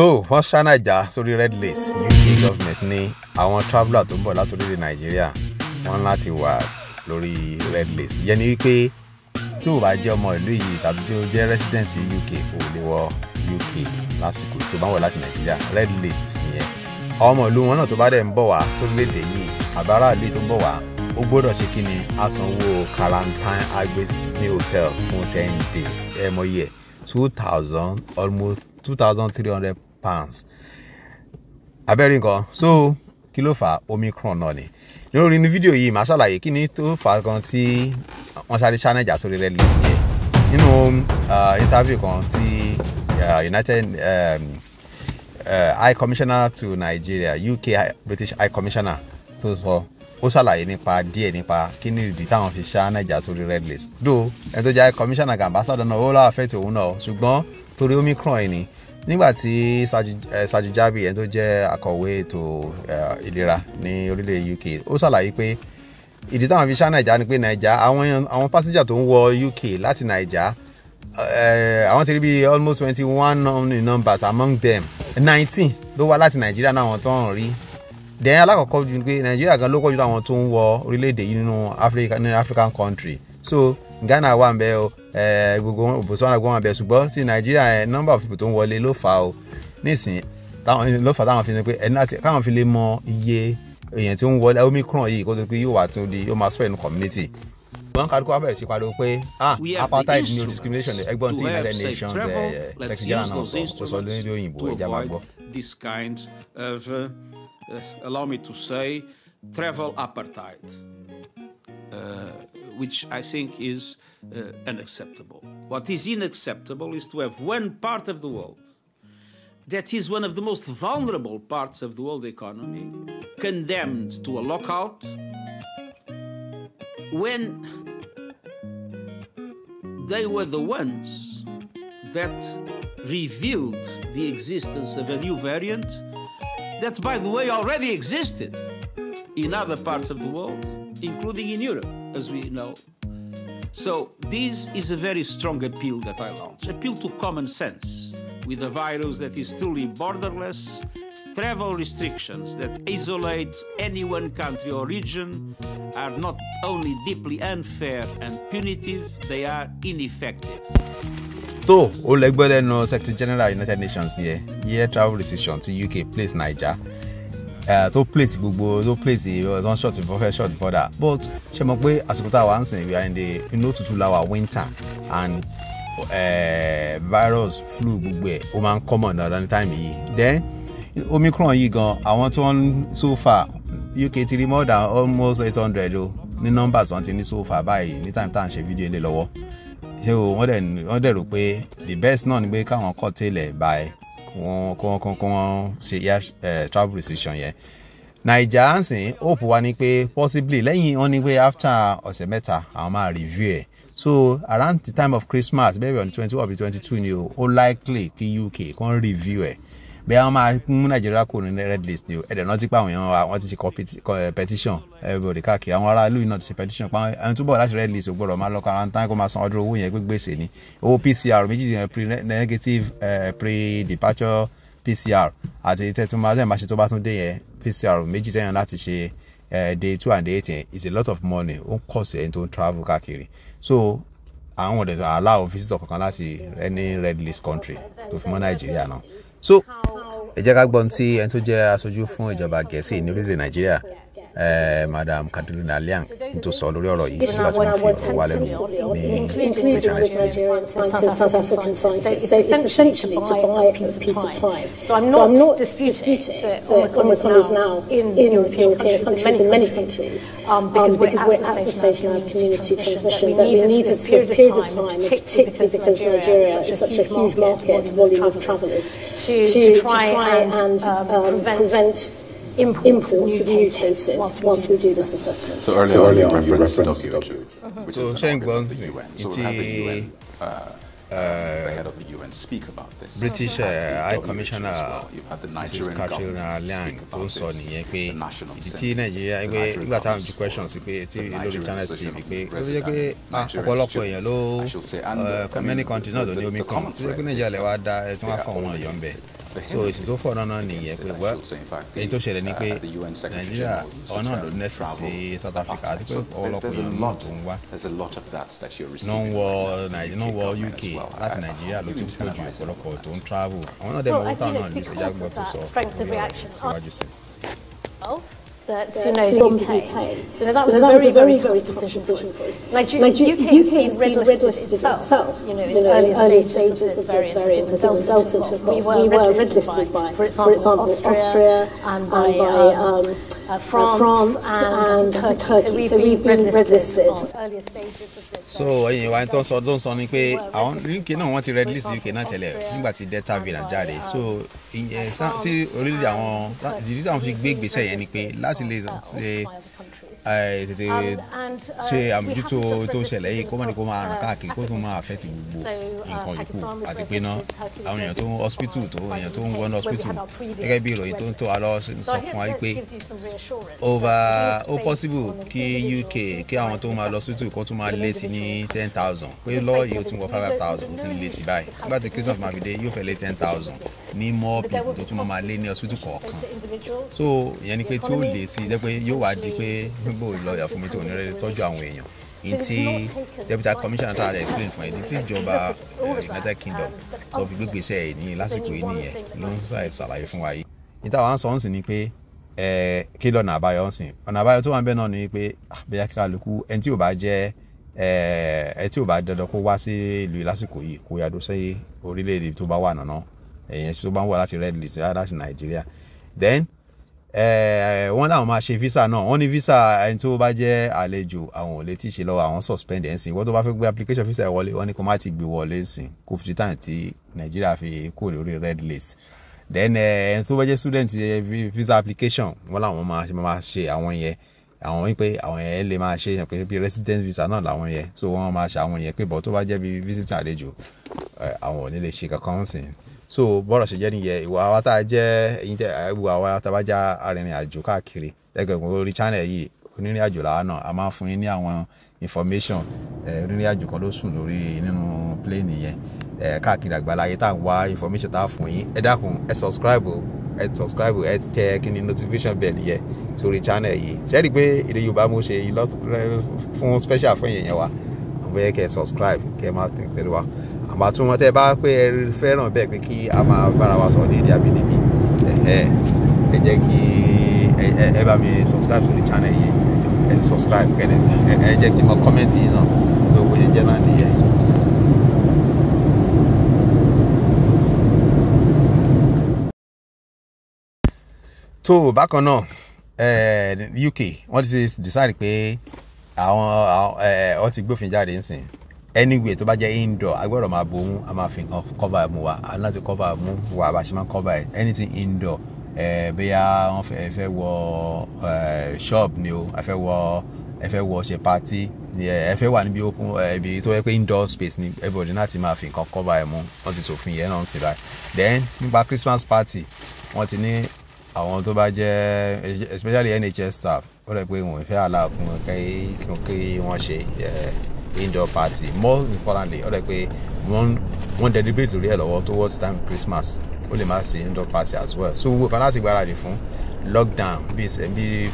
tó wọ́n ṣánájà sórí red list UK government ní àwọn traveller tó ń bọ̀ látòrílẹ̀ nàìjíríà wọ́n láti wà lórí red list yẹn ni wípé tó o bá jẹ́ ọmọ ìlú yìí tàbí tó jẹ́ resident UK kò lè wọ UK lásìkò tó bá ń wọ̀ láti nàìjíríà red list nìyẹn ọmọ ìlú wọn náà tó bá dẹ̀ ń bọ̀ wá sórílẹ̀-èdè yìí àbára ilé tó ń bọ̀ wá ó gbọ́dọ̀ ṣe kí ni a sanwó Carantine Agbes ní hotel fún ten days ẹ mọ iye two thousand almost two thousand three hundred pounds abẹ́rẹ́ nǹkan so kí ló fà á omicron náà ni lórí ní fídíò yìí màá ṣàlàyé kí ni tó fà á gan tí wọ́n sáré ṣánájà sórí red list yẹn nínú interview kan tí United um, uh, High Commissioner to Nigeria UK British High Commissioner tó sọ ó ṣàlàyé nípa díẹ̀ nípa kí ni ìdí táwọn fi ṣá nàìjà sórí red list. do ẹni tó jẹ́ Commissioner gàmbásádọ̀ náà ó láwọn fẹ́ẹ́ tí òun náà ṣùgbọ́n torí omicron ẹni nígbà tí Sajid eh, Jabi ẹni tó jẹ́ akọ̀wé ètò eh, ìlera ní orílẹ̀ UK ó ṣàlàyé pé ìdí táwọn fi ṣá nàìjà ni pé nàìjà àwọn pásíjà tó ń wọ UK láti nàìjà eh, àwọn ti rí bí almost twenty one numbers among them nineteen ló wá láti nàìjíríà náà àwọn tó ń rí dẹ́yìn alákọ̀ọ́kọ́ ju pé nàìjíríà gan ló kọ́ ju àwọn tó ń wọ orílẹ̀-èdè yìí nínú African country so Ghana wà ń bẹ o gbogbo Botswana gbọ́n wà ń ṣùgbọ́n sí Nàìjíríà ẹ nọ́mbà of people tó ń wọlé ló fà o nísìn ló fà táwọn fi ní pé ẹni láti káwọn fi lè mọ iye èèyàn tí ń wọlé Omicron yìí kó tó pé yóò wà tó di yóò máa spread in community wọn kàdé kó abẹ́rẹ́ sí pariwo pé ah apartheid no discrimination ẹgbọ́n tí United Nations secretary general náà sọ sọ lórí òyìnbó ẹja máa gbọ́. this kind of uh, uh, allow me to say travel apartheid. Uh, which I think is uh, unacceptable. What is unacceptable is to have one part of the world that is one of the most vulnerable parts of the world economy condemned to a lockout when they were the ones that revealed the existence of a new variant that, by the way, already existed in other parts of the world, including in Europe as we know. So this is a very strong appeal that I launch, appeal to common sense, with a virus that is truly borderless, travel restrictions that isolate any one country or region are not only deeply unfair and punitive, they are ineffective. So, Olegbeleno, Secretary General United Nations here, yeah, travel restrictions to UK, please, Niger. Eh, tó place gbogbo tó place don eh, short before first short before that but ṣe mọ̀ pé àsìkò tá a wà ń sìn we are in the inú òtútù la wà winter and uh, virus flu gbogbo ẹ̀ ó máa ń common dandan ní time yìí then omicron yìí gan àwọn tí wọ́n so far UK ti rí more than almost eight hundred o ní numbers wọ́n ti ní so far báyìí ní time tá à ń ṣe fídíò ilé lọ́wọ́ ṣé o wọ́n dẹ̀ rò pé the best náà ni pé káwọn kọ́ tẹ́lẹ̀ báyìí wọn kọ́ kọ́ kọ́ wọn ṣe air eh, travel restriction yẹn naija hansen hope wa ni pé possibly lẹ́yìn wọn ni pé after ọ̀sẹ̀ mẹ́ta àwọn máa review ẹ̀ so around the time of Christmas maybe on the twenty one àbí twenty two ni o likely kí UK kan review ẹ̀. Eh bẹ́ẹ̀ wọ́n máa mú nàìjíríà kúrò ní red list ni o ẹ̀dẹ̀ náà ti pa àwọn èèyàn wa wọ́n ti ṣe eh, petition eh, everybody káàkiri àwọn aráàlú iná ti ṣe petition pa ẹni tó bọ̀ láti red list ò gbọ́dọ̀ máa lọ karantan kó máa san ọdún owó yẹn pé gbèsè ni owó pcr méjì yẹn pre negative eh, pre departure pcr àti tẹ́tùmáṣẹ́ máa ṣe tó bá tún dé yẹn pcr méjì tẹ́yàn láti ṣe day two and day eight yẹn is a lot of money ó ń kọ̀ sí ẹni tó ń travel káàkiri so àwọn ọ̀dẹ̀ aláwọ̀ visitor kankan láti any red list country tó fi mọ́ nàìjíríà náà so ẹ jẹ́ ká gbọ́n tí ẹni tó jẹ́ aṣojú fún ìjọba gẹ̀ẹ́sì ní orílẹ̀ nàìjíríà Eh, madam Katrina Liang tó sọ lórí ọ̀rọ̀ yìí nígbà tí wọ́n fi ọ̀rọ̀ wa lẹ́nu ní national state. Um, because, um, because we're at the stage now of community transmission that we need a period of time, particularly because Nigeria is such a huge market volume of travellers, to, try and um, um prevent imports, new view cases once we do this assessment. So earlier, so earlier on you referenced docu, which so is an agreement with the UN. So we'll have the UN, uh, uh, the head of the UN speak about this. British uh, uh High Commissioner you've had the Nigerian government speak about this. The National Ìdí the Nàìjíríà pé nígbà táwọn ju questions pé tí lórí TV pé ó ti jẹ́ pé ah, ọ̀pọ̀lọpọ̀ èèyàn ló uh, many countries náà ló ní omi kan ó ti jẹ́ pé Nàìjíríà lè wá dá ẹ̀ tí wọ́n á fọ àwọn èèyàn so it's èsì tó fọ̀ náà ni yẹ pé wá èyí tó ṣẹlẹ̀ ni uh, pé nàìjíríà ọ̀nà náà ló nẹ́sì sí south africa àti pé ọlọ́pàá yẹn náà tó ń wá náà ń wọ náà ń wọ uk That uh, Nigeria, ló ti ń pọ̀ ju ọ̀pọ̀lọpọ̀ tó ń travel àwọn náà dẹ̀ mọ̀ wọ́tà náà ló ṣe jágbọ́ tó sọ síwájú oh. sí you know, the UK. UK. So that, so was, a very, was a very, very, very decision, decision for us. Like, like UK, UK has been red listed itself, itself, you know, in you know, early, early stages, of this variant, of Delta, variant Delta, Delta, Delta, Delta, Delta, Delta, we were Delta, Delta, Delta, Delta, Delta, Delta, Delta, Delta, uh, France, France and, uh, and uh, Turkey. So we've, so we've been, been relisted on earlier stages of this. So ẹ̀yin wa tó ń sọ tó ń sọ ni pé àwọn UK náà wọ́n ti red list UK náà tẹ́lẹ̀ nígbà tí Delta variant jáde so ìyẹn tí orílẹ̀-èdè àwọn uh, ìdí tí àwọn fi gbé ìgbésẹ̀ yẹn ni pé láti lè ṣe Eh, tètè uh, ṣe àmójútó tó ń ṣẹlẹ̀ yìí kó má ní kó máa ràn káàkiri kó tún máa affect gbogbo uh, nǹkan yòókù àti pé ná àwọn èèyàn tó ń hospital tó èèyàn tó ń wọ́n hospital gẹ́gẹ́ bí ìròyìn tó ń tó wa lọ sọ fún wa pé over ó possible kí UK kí àwọn tó máa lọ hospital kó tún máa lé sí ní ten thousand pé lọ́ọ̀yì ó tún wọ five thousand ó sì ń lé sí báyìí nígbà tí Christmas máa fi dé yóò fẹ́ lé ten thousand ní mọ́ pipo tó tún mọ́ máa lé ní hospital kọ̀ọ̀kan so ìyẹn ni pé tí ó lè sí jẹ́ pé yóò wá di pé gbogbo lọ́ọ̀yà fún mi tí ò ní rẹ́ tọ́jú àwọn èèyàn ní ti deputy commissioner tá a lè explain fún ẹ ní ti ìjọba eh, United Kingdom tó fi gbégbèsè ẹ ní lásìkò yìí nìyẹn ló ń ṣàlàyé fún wa yìí. níta wàá sọ ọ́n sì ni pé eh, kí lọ́nà àbáyọ ń sìn ọ̀nà àbáyọ tó wà ń bẹ̀ náà ni pé àbẹ̀yà ah, kíkàlùkù ẹni tí ò bá jẹ́ eh, ẹ tí ò bá dandan kó wá sí ìlú lásìkò yìí kó yàdó sí orílẹ̀-èdè tó bá wà nànà èyàn tó bá ń wà láti red list ah, láti nàìjíríà then eh, wọ́n láwọn máa ṣe visa náà wọ́n ní visa ẹni tó bá jẹ́ àlejò àwọn ò lè tí ì ṣe lọ́wọ́ àwọn suspend ẹ̀ ń sìn wọ́n tó bá fẹ́ gbé application visa ẹ̀ wọlé wọ́n ní kó má ti gbé wọlé ń sìn kó fi tán tí nàìjíríà fi kúrò lórí red list then eh, ẹni tó bá jẹ́ student eh, visa application wọ́n láwọn máa ṣe àwọn yẹn àwọn wípé àwọn yẹn lè máa ṣe pé bí resident visa náà làwọn yẹn so wọ́n máa ṣe àwọn yẹn pé bọ́ tó bá jẹ́ bí visiting àlejò àwọn ò ní lè ṣe kankan sìn so bọ́rọ̀ ṣe jẹ́ nìyẹn ìwà wa tá a jẹ́ ẹ̀yin tẹ́ ìwà wa tá a bá já arìnrìn àjò káàkiri ẹgbẹ̀gbọ̀n orí channel yìí onírìn àjò làwọn náà a máa fún yín ní àwọn information onírìn àjò kan ló sùn lórí nínú plane yẹn káàkiri àgbáláyé tá à ń wá information tá a fún yín ẹ dákun ẹ subscribe o ẹ subscribe ẹ tẹ kíni notification bell yẹ sórí channel yìí sẹ́ẹ̀rì pé èdè yorùbá mo ṣe fún special fún èèyàn wa àbẹ̀yẹ kẹ subscribe kẹ máa tẹ̀lé wa àmọ́ àtúnwọ̀n tẹ́ bá pé ẹ fẹ́ràn bẹ́ẹ̀ pé kí a máa bára wa sọ̀rọ̀ ní èdè àbínibí ẹ jẹ́ kí ẹ bá mi subscribe sórí channel yìí ẹ subscribe kẹ́lẹ́ ẹ jẹ́ kí n mọ kọ́mẹ́ǹtì yìí náà tó wọ́n jẹ́ náà nìyẹn. tó bákan náà UK wọ́n ti decide pé àwọn wọ́n ti gbófin jáde nísìnyí anyway tó bá jẹ́ indoor agbọ́dọ̀ máa bo mú a máa fi nǹkan cover mú wa a láti cover mú wa bá ṣe máa cover it anything indoor ẹ bóyá wọ́n fẹ́ wọ shop ni o a fẹ́ wọ a fẹ́ wọ ṣe party ẹ fẹ́ wà níbi open ibi tó yẹ pé indoor space ni everybody náà ti máa fi nǹkan cover ẹ̀ mú wọ́n ti ṣòfin yẹn náà ń sìn láì then nípa Christmas party wọ́n ti ní àwọn tó bá jẹ́ especially NHS staff ó rẹ̀ pé wọ́n fẹ́ àlàkùn kí wọ́n ṣe indoor party more importantly ó rẹ pé wọ́n wọ́n deliberate lórí ẹ̀ lọ́wọ́ towards time Christmas ó lè má sí indoor party as well so gbogbo ìpàdé àti ìgbáradì fún lockdown bíi sẹ́mi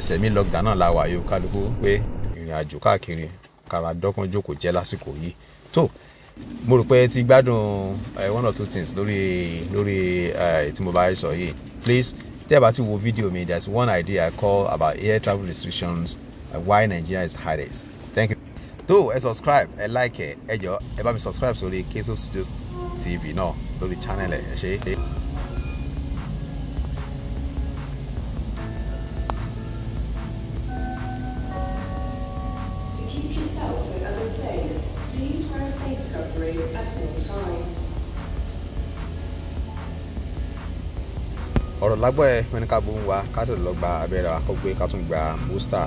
sẹ́mi lockdown náà la wà yóò kálukú pé ìrìn àjò káàkiri kára dọ́kàn jókòó jẹ́ lásìkò yìí tó mo rò pé ti gbádùn one or two things lórí lórí tí mo bá sọ yìí please tẹ́ ẹ bá ti wo fídíò mi there is one idea I call about air travel restrictions and why Nigeria is hardest tó ẹ subscribe ẹ like ẹ ẹ jọ ẹ bá mi subscribe sórí Keso Studios TV náà lórí channel ẹ ṣe é. ọ̀rọ̀ lágbọ́ ẹ mẹ́ni ká bó ń wa ká tó lọ gba abẹ́rẹ́ akọ́gbé ká tún gba booster